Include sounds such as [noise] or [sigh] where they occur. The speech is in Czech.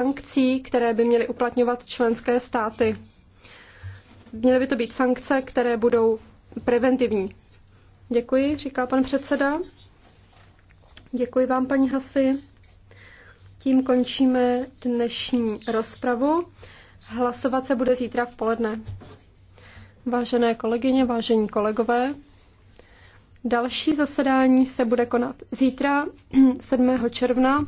sankcí, které by měly uplatňovat členské státy. Měly by to být sankce, které budou preventivní. Děkuji, říká pan předseda. Děkuji vám, paní Hasy. Tím končíme dnešní rozpravu. Hlasovat se bude zítra v poledne. Vážené kolegyně, vážení kolegové, další zasedání se bude konat zítra 7. [clears throat] června